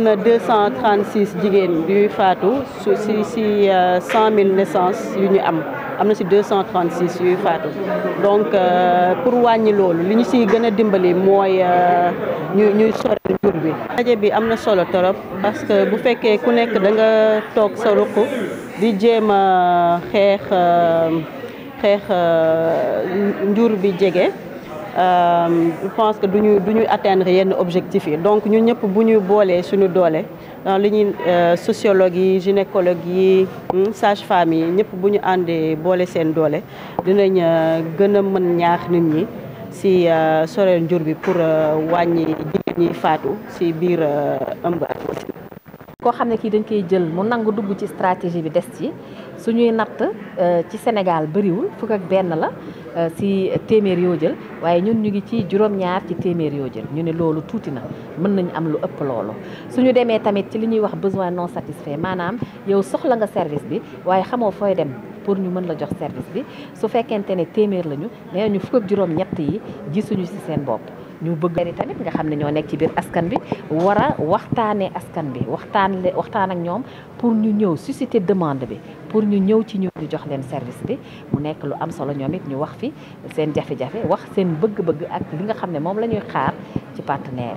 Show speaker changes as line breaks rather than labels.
am na 236 jigéen yuy faatu su si si 100 euh, 000 naissances yu ñu am am na si 236 yuy faatu donc euh, pour wàññi loolu li ñu siy gën a dimbali mooy euh, ñu ñuy sorel jur bi. rajo bi am na solo torop parce que bu fekkee ku nekk da nga toog sa ruq di jéem a xeex xeex njur bi jege. Euh, je pense que duñu ñuy atteindre yenn objectif yi donc ñun ñëpp bu ñu boolee suñu doole dans li ñuy euh, sociologue yi gynécologue yi hmm, sage femme yi ñëpp bu ñu àndee boole seen doole dinañ euh, gën a mën ñaax nit ñi si soreel njur bi pour wàññi jigéen ñi faatu si biir ëmb ak
koo xam ne kii dañ koy jël mu nangu dugg ci stratégie bi des ci suñuy natt euh, ci Sénégal bëriwul fukk ak benn la euh, si téeméer yoo jël waaye ñun ñu ngi ci juróom-ñaar ci téeméer yoo jël ñu ne loolu tuuti na mën nañu am lu ëpp loolu ñu demee tamit ci li ñuy wax besoin non satisfait maanaam yow soxla nga service bi waaye xamoo fooy dem pour ñu mën la jox service bi su fekkente ne téeméer lañu nee nañu fukk ak juróom-ñett yi gisuñu si seen bopp ñu bëgg tamit nga xam ne ñoo nekk ci biir askan bi war a waxtaanee askan bi waxtaan waxtaan ak ñoom pour ñu ñëw susciter demande bi pour ñu ñëw ci ñu di jox leen service bi mu nekk lu am solo ñoom it ñu wax fi seen jafe-jafe wax seen bëgg-bëgg ak li nga xam ne moom la ñuy xaar ci partenaire